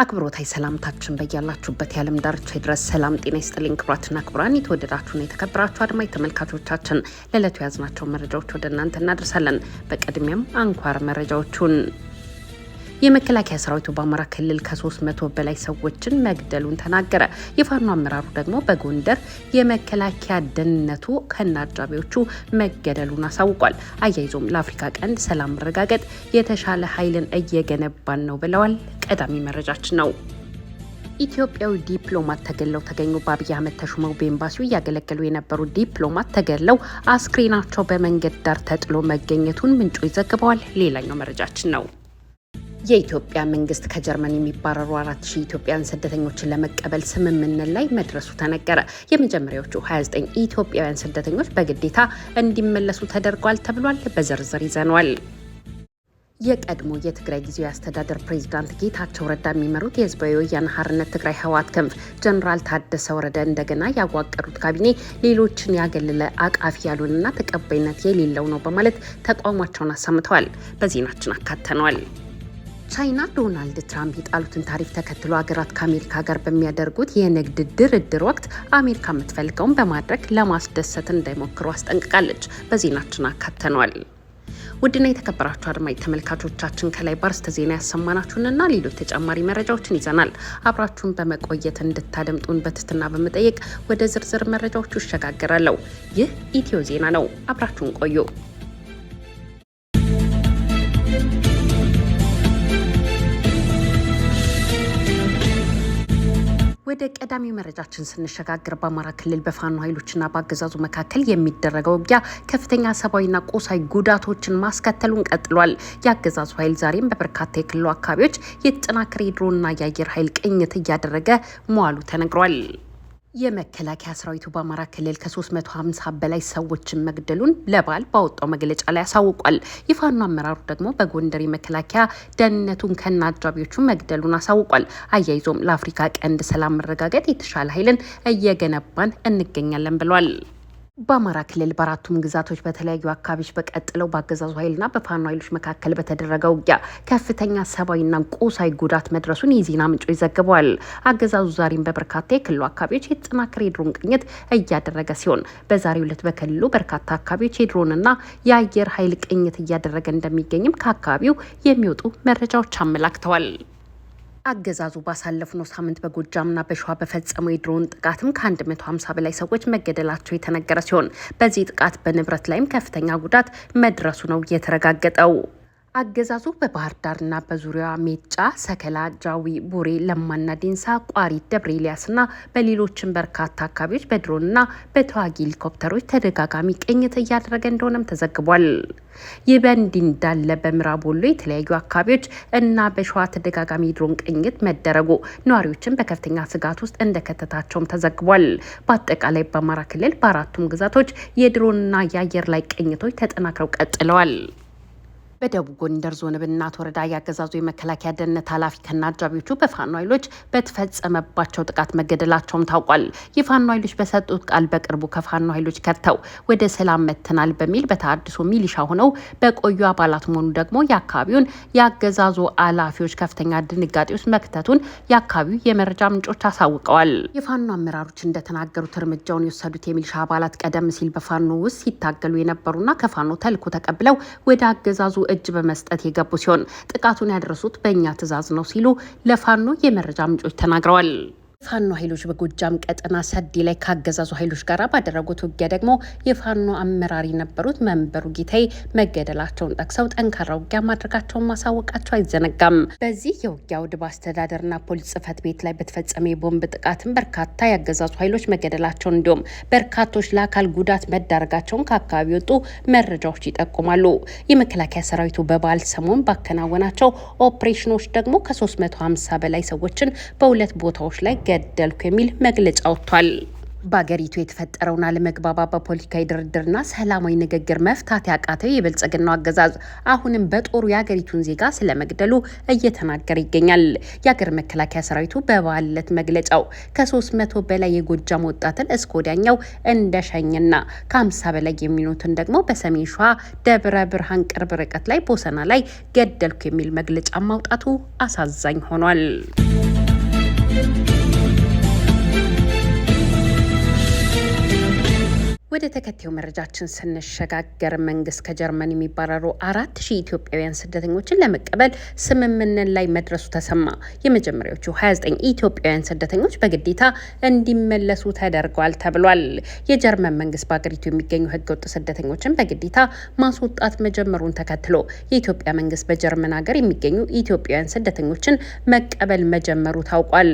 አክብሮታይ ሰላምታችን በያላችሁበት የዓለም ዳርቻ ድረስ ሰላም ጤና ይስጥልኝ። ክቡራትና ክቡራን የተወደዳችሁና የተከበራችሁ አድማጭ ተመልካቾቻችን ለዕለቱ የያዝናቸው መረጃዎች ወደ እናንተ እናደርሳለን። በቅድሚያም አንኳር መረጃዎቹን የመከላከያ ሰራዊቱ በአማራ ክልል ከ መቶ በላይ ሰዎችን መግደሉን ተናገረ። የፋኖ አመራሩ ደግሞ በጎንደር የመከላከያ ደህንነቱ ከነ መገደሉን አሳውቋል። አያይዞም ለአፍሪካ ቀንድ ሰላም መረጋገጥ የተሻለ ኃይልን እየገነባን ነው ብለዋል። ቀዳሚ መረጃችን ነው። ኢትዮጵያዊ ዲፕሎማት ተገለው ተገኙ። በአብይ አህመድ ተሹመው በኤምባሲው እያገለገሉ የነበሩ ዲፕሎማት ተገለው አስክሬናቸው በመንገድ ዳር ተጥሎ መገኘቱን ምንጮች ዘግበዋል። ሌላኛው መረጃችን ነው። የኢትዮጵያ መንግስት ከጀርመን የሚባረሩ አራት ሺህ ኢትዮጵያውያን ስደተኞችን ለመቀበል ስምምነት ላይ መድረሱ ተነገረ። የመጀመሪያዎቹ 29 ኢትዮጵያውያን ስደተኞች በግዴታ እንዲመለሱ ተደርጓል ተብሏል። በዝርዝር ይዘነዋል። የቀድሞ የትግራይ ጊዜያዊ አስተዳደር ፕሬዚዳንት ጌታቸው ረዳ የሚመሩት የህዝባዊ ወያነ ሓርነት ትግራይ ህወሓት ክንፍ ጀኔራል ታደሰ ወረደ እንደገና ያዋቀሩት ካቢኔ ሌሎችን ያገለለ አቃፊ ያሉንና ተቀባይነት የሌለው ነው በማለት ተቃውሟቸውን አሰምተዋል። በዜናችን አካተነዋል። ቻይና ዶናልድ ትራምፕ የጣሉትን ታሪፍ ተከትሎ ሀገራት ከአሜሪካ ጋር በሚያደርጉት የንግድ ድርድር ወቅት አሜሪካ የምትፈልገውን በማድረግ ለማስደሰት እንዳይሞክሩ አስጠንቅቃለች። በዜናችን አካተነዋል። ውድና የተከበራችሁ አድማጭ ተመልካቾቻችን ከላይ በአርዕስተ ዜና ያሰማናችሁንና ሌሎች ተጨማሪ መረጃዎችን ይዘናል። አብራችሁን በመቆየት እንድታደምጡን በትህትና በመጠየቅ ወደ ዝርዝር መረጃዎቹ ይሸጋገራለሁ። ይህ ኢትዮ ዜና ነው። አብራችሁን ቆዩ። ወደ ቀዳሚ መረጃችን ስንሸጋግር በአማራ ክልል በፋኖ ኃይሎችና በአገዛዙ መካከል የሚደረገው ውጊያ ከፍተኛ ሰብአዊና ቁሳዊ ጉዳቶችን ማስከተሉን ቀጥሏል። የአገዛዙ ኃይል ዛሬም በበርካታ የክልሉ አካባቢዎች የተጠናከረ የድሮንና የአየር ኃይል ቅኝት እያደረገ መዋሉ ተነግሯል። የመከላከያ ሰራዊቱ በአማራ ክልል ከ350 በላይ ሰዎችን መግደሉን ለባል ባወጣው መግለጫ ላይ አሳውቋል። የፋኖ አመራሩ ደግሞ በጎንደር የመከላከያ ደህንነቱን ከና አጃቢዎቹ መግደሉን አሳውቋል። አያይዞም ለአፍሪካ ቀንድ ሰላም መረጋገጥ የተሻለ ኃይልን እየገነባን እንገኛለን ብሏል። በአማራ ክልል በአራቱም ግዛቶች በተለያዩ አካባቢዎች በቀጥለው በአገዛዙ ኃይልና በፋኖ ኃይሎች መካከል በተደረገ ውጊያ ከፍተኛ ሰብአዊና ቁሳዊ ጉዳት መድረሱን የዜና ምንጮች ዘግበዋል። አገዛዙ ዛሬም በበርካታ የክልሉ አካባቢዎች የተጠናከረ የድሮን ቅኝት እያደረገ ሲሆን በዛሬው ዕለት በክልሉ በርካታ አካባቢዎች የድሮንና የአየር ኃይል ቅኝት እያደረገ እንደሚገኝም ከአካባቢው የሚወጡ መረጃዎች አመላክተዋል። አገዛዙ ባሳለፍነው ሳምንት በጎጃምና በሸዋ በፈጸመው የድሮን ጥቃትም ከ150 በላይ ሰዎች መገደላቸው የተነገረ ሲሆን በዚህ ጥቃት በንብረት ላይም ከፍተኛ ጉዳት መድረሱ ነው የተረጋገጠው። አገዛዙ በባህር ዳርና በዙሪያ ሜጫ፣ ሰከላ፣ ጃዊ፣ ቡሬ፣ ለማና ዴንሳ፣ ቋሪ፣ ደብረ ኤልያስና በሌሎችም በርካታ አካባቢዎች በድሮንና በተዋጊ ሄሊኮፕተሮች ተደጋጋሚ ቅኝት እያደረገ እንደሆነም ተዘግቧል። ይህ በእንዲህ እንዳለ በምዕራብ ወሎ የተለያዩ አካባቢዎች እና በሸዋ ተደጋጋሚ ድሮን ቅኝት መደረጉ ነዋሪዎችን በከፍተኛ ስጋት ውስጥ እንደከተታቸውም ተዘግቧል። በአጠቃላይ በአማራ ክልል በአራቱም ግዛቶች የድሮንና የአየር ላይ ቅኝቶች ተጠናክረው ቀጥለዋል። በደቡብ ጎንደር ዞን ብናት ወረዳ የአገዛዙ የመከላከያ ደህንነት ኃላፊ ከና አጃቢዎቹ በፋኖ ኃይሎች በተፈጸመባቸው ጥቃት መገደላቸውም ታውቋል። የፋኖ ኃይሎች በሰጡት ቃል በቅርቡ ከፋኖ ኃይሎች ከተው ወደ ሰላም መጥተናል በሚል በተሃድሶ ሚሊሻ ሆነው በቆዩ አባላት መሆኑ ደግሞ የአካባቢውን የአገዛዙ ኃላፊዎች ከፍተኛ ድንጋጤ ውስጥ መክተቱን የአካባቢው የመረጃ ምንጮች አሳውቀዋል። የፋኖ አመራሮች እንደተናገሩት እርምጃውን የወሰዱት የሚሊሻ አባላት ቀደም ሲል በፋኖ ውስጥ ሲታገሉ የነበሩና ከፋኖ ተልዕኮ ተቀብለው ወደ አገዛዙ እጅ በመስጠት የገቡ ሲሆን ጥቃቱን ያደረሱት በእኛ ትዕዛዝ ነው ሲሉ ለፋኖ የመረጃ ምንጮች ተናግረዋል። ፋኖ ኃይሎች በጎጃም ቀጠና ሰዴ ላይ ካገዛዙ ኃይሎች ጋር ባደረጉት ውጊያ ደግሞ የፋኖ አመራር የነበሩት መንበሩ ጌታዬ መገደላቸውን ጠቅሰው ጠንካራ ውጊያ ማድረጋቸውን ማሳወቃቸው አይዘነጋም። በዚህ የውጊያ ውድብ አስተዳደርና ፖሊስ ጽፈት ቤት ላይ በተፈጸመ የቦምብ ጥቃትም በርካታ ያገዛዙ ኃይሎች መገደላቸውን እንዲሁም በርካቶች ለአካል ጉዳት መዳረጋቸውን ከአካባቢ የወጡ መረጃዎች ይጠቁማሉ። የመከላከያ ሰራዊቱ በበዓል ሰሞን ባከናወናቸው ኦፕሬሽኖች ደግሞ ከ350 በላይ ሰዎችን በሁለት ቦታዎች ላይ ገደልኩ የሚል መግለጫ ወጥቷል። በአገሪቱ የተፈጠረውን አለመግባባት በፖለቲካዊ ድርድርና ሰላማዊ ንግግር መፍታት ያቃተው የብልጽግናው አገዛዝ አሁንም በጦሩ የአገሪቱን ዜጋ ስለመግደሉ እየተናገረ ይገኛል። የአገር መከላከያ ሰራዊቱ በበዓል መግለጫው ከሶስት መቶ በላይ የጎጃም ወጣትን እስከ ወዲያኛው እንደሸኝና ከአምሳ በላይ የሚኖትን ደግሞ በሰሜን ሸዋ ደብረ ብርሃን ቅርብ ርቀት ላይ ቦሰና ላይ ገደልኩ የሚል መግለጫ ማውጣቱ አሳዛኝ ሆኗል። ወደ ተከታዩ መረጃችን ስንሸጋገር መንግስት ከጀርመን የሚባረሩ አራት ሺህ ኢትዮጵያውያን ስደተኞችን ለመቀበል ስምምነት ላይ መድረሱ ተሰማ። የመጀመሪያዎቹ 29 ኢትዮጵያውያን ስደተኞች በግዴታ እንዲመለሱ ተደርጓል ተብሏል። የጀርመን መንግስት በሀገሪቱ የሚገኙ ህገወጥ ስደተኞችን በግዴታ ማስወጣት መጀመሩን ተከትሎ የኢትዮጵያ መንግስት በጀርመን ሀገር የሚገኙ ኢትዮጵያውያን ስደተኞችን መቀበል መጀመሩ ታውቋል።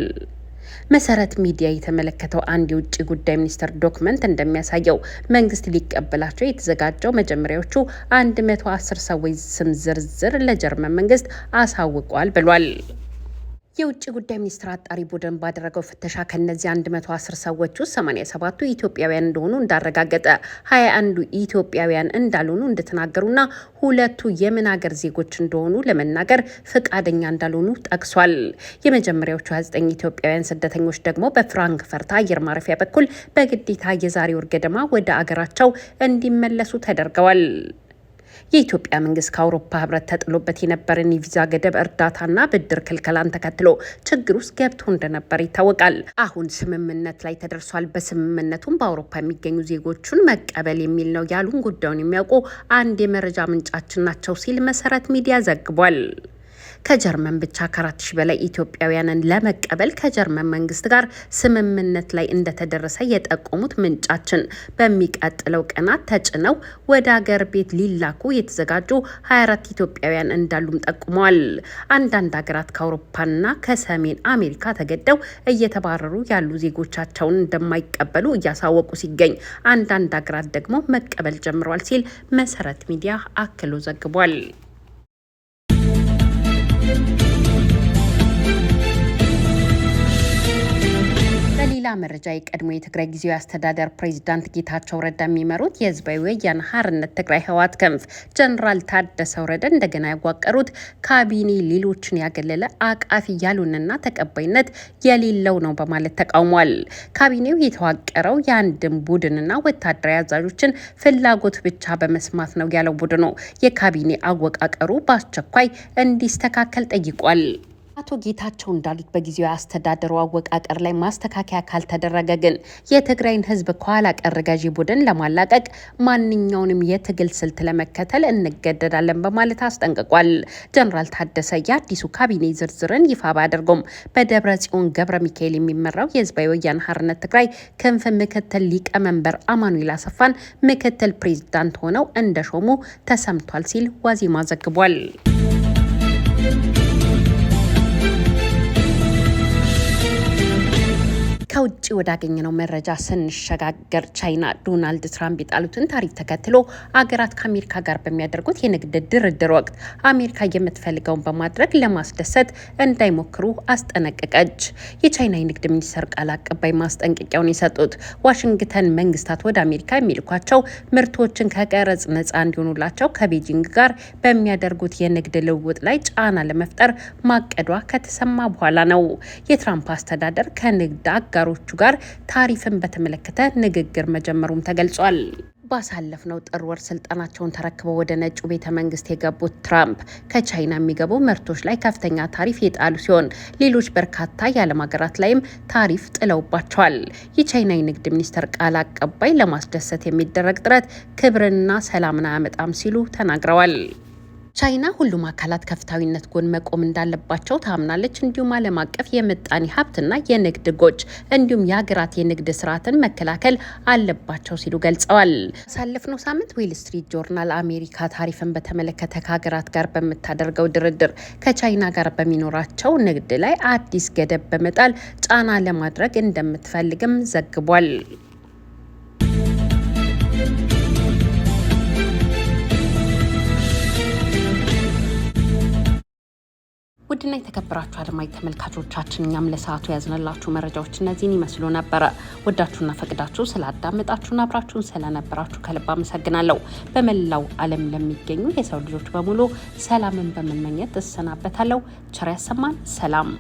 መሰረት ሚዲያ የተመለከተው አንድ የውጭ ጉዳይ ሚኒስቴር ዶክመንት እንደሚያሳየው መንግስት ሊቀበላቸው የተዘጋጀው መጀመሪያዎቹ 110 ሰዎች ስም ዝርዝር ለጀርመን መንግስት አሳውቋል ብሏል። የውጭ ጉዳይ ሚኒስትር አጣሪ ቡድን ባደረገው ፍተሻ ከእነዚህ 110 ሰዎች ውስጥ 87ቱ ኢትዮጵያውያን እንደሆኑ እንዳረጋገጠ 21 ኢትዮጵያውያን እንዳልሆኑ እንደተናገሩና ሁለቱ የምን ሀገር ዜጎች እንደሆኑ ለመናገር ፈቃደኛ እንዳልሆኑ ጠቅሷል። የመጀመሪያዎቹ 29 ኢትዮጵያውያን ስደተኞች ደግሞ በፍራንክፈርት አየር ማረፊያ በኩል በግዴታ የዛሬ ወር ገደማ ወደ አገራቸው እንዲመለሱ ተደርገዋል። የኢትዮጵያ መንግስት ከአውሮፓ ህብረት ተጥሎበት የነበረን የቪዛ ገደብ እርዳታና ብድር ክልከላን ተከትሎ ችግር ውስጥ ገብቶ እንደነበር ይታወቃል። አሁን ስምምነት ላይ ተደርሷል። በስምምነቱም በአውሮፓ የሚገኙ ዜጎቹን መቀበል የሚል ነው ያሉን ጉዳዩን የሚያውቁ አንድ የመረጃ ምንጫችን ናቸው ሲል መሰረት ሚዲያ ዘግቧል። ከጀርመን ብቻ ከአራት ሺህ በላይ ኢትዮጵያውያንን ለመቀበል ከጀርመን መንግስት ጋር ስምምነት ላይ እንደተደረሰ የጠቆሙት ምንጫችን በሚቀጥለው ቀናት ተጭነው ወደ አገር ቤት ሊላኩ የተዘጋጁ 24 ኢትዮጵያውያን እንዳሉም ጠቁመዋል። አንዳንድ ሀገራት ከአውሮፓና ከሰሜን አሜሪካ ተገደው እየተባረሩ ያሉ ዜጎቻቸውን እንደማይቀበሉ እያሳወቁ ሲገኝ አንዳንድ ሀገራት ደግሞ መቀበል ጀምረዋል ሲል መሰረት ሚዲያ አክሎ ዘግቧል። በሌላ መረጃ የቀድሞ የትግራይ ጊዜያዊ አስተዳደር ፕሬዚዳንት ጌታቸው ረዳ የሚመሩት የህዝባዊ ወያነ ሓርነት ትግራይ ህወሓት ክንፍ ጀኔራል ታደሰ ወረደ እንደገና ያዋቀሩት ካቢኔ ሌሎችን ያገለለ አቃፊ ያሉንና ተቀባይነት የሌለው ነው በማለት ተቃውሟል። ካቢኔው የተዋቀረው የአንድን ቡድንና ወታደራዊ አዛዦችን ፍላጎት ብቻ በመስማት ነው ያለው ቡድኑ የካቢኔ አወቃቀሩ በአስቸኳይ እንዲስተካከል ጠይቋል። አቶ ጌታቸው እንዳሉት በጊዜያዊ አስተዳደሩ አወቃቀር ላይ ማስተካከያ ካልተደረገ ግን የትግራይን ሕዝብ ከኋላ ቀር ገዢ ቡድን ለማላቀቅ ማንኛውንም የትግል ስልት ለመከተል እንገደዳለን በማለት አስጠንቅቋል። ጀኔራል ታደሰ የአዲሱ ካቢኔ ዝርዝርን ይፋ ባደርጎም በደብረ ጽዮን ገብረ ሚካኤል የሚመራው የህዝባዊ ወያነ ሓርነት ትግራይ ክንፍ ምክትል ሊቀመንበር አማኑኤል አሰፋን ምክትል ፕሬዚዳንት ሆነው እንደሾሙ ተሰምቷል ሲል ዋዜማ ዘግቧል። ከውጭ ወዳገኘነው መረጃ ስንሸጋገር ቻይና ዶናልድ ትራምፕ የጣሉትን ታሪክ ተከትሎ አገራት ከአሜሪካ ጋር በሚያደርጉት የንግድ ድርድር ወቅት አሜሪካ የምትፈልገውን በማድረግ ለማስደሰት እንዳይሞክሩ አስጠነቀቀች። የቻይና የንግድ ሚኒስቴር ቃል አቀባይ ማስጠንቀቂያውን የሰጡት ዋሽንግተን መንግስታት ወደ አሜሪካ የሚልኳቸው ምርቶችን ከቀረጽ ነጻ እንዲሆኑላቸው ከቤጂንግ ጋር በሚያደርጉት የንግድ ልውውጥ ላይ ጫና ለመፍጠር ማቀዷ ከተሰማ በኋላ ነው። የትራምፕ አስተዳደር ከንግድ አጋሩ አጋሮቹ ጋር ታሪፍን በተመለከተ ንግግር መጀመሩም ተገልጿል። ባሳለፍነው ጥር ወር ስልጣናቸውን ተረክበው ወደ ነጩ ቤተ መንግስት የገቡት ትራምፕ ከቻይና የሚገቡ ምርቶች ላይ ከፍተኛ ታሪፍ የጣሉ ሲሆን ሌሎች በርካታ የዓለም ሀገራት ላይም ታሪፍ ጥለውባቸዋል። የቻይና የንግድ ሚኒስቴር ቃል አቀባይ ለማስደሰት የሚደረግ ጥረት ክብርና ሰላምን አያመጣም ሲሉ ተናግረዋል። ቻይና ሁሉም አካላት ከፍታዊነት ጎን መቆም እንዳለባቸው ታምናለች። እንዲሁም ዓለም አቀፍ የምጣኔ ሀብትና የንግድ ጎጭ እንዲሁም የሀገራት የንግድ ስርዓትን መከላከል አለባቸው ሲሉ ገልጸዋል። ባሳለፍነው ሳምንት ዌል ስትሪት ጆርናል አሜሪካ ታሪፍን በተመለከተ ከሀገራት ጋር በምታደርገው ድርድር ከቻይና ጋር በሚኖራቸው ንግድ ላይ አዲስ ገደብ በመጣል ጫና ለማድረግ እንደምትፈልግም ዘግቧል። ውድና የተከበራችሁ አድማጭ ተመልካቾቻችን እኛም ለሰዓቱ ያዝነላችሁ መረጃዎች እነዚህን ይመስሉ ነበረ። ወዳችሁና ፈቅዳችሁ ስላዳመጣችሁና አብራችሁን ስለነበራችሁ ከልብ አመሰግናለሁ። በመላው ዓለም ለሚገኙ የሰው ልጆች በሙሉ ሰላምን በመመኘት እሰናበታለሁ። ቸር ያሰማን። ሰላም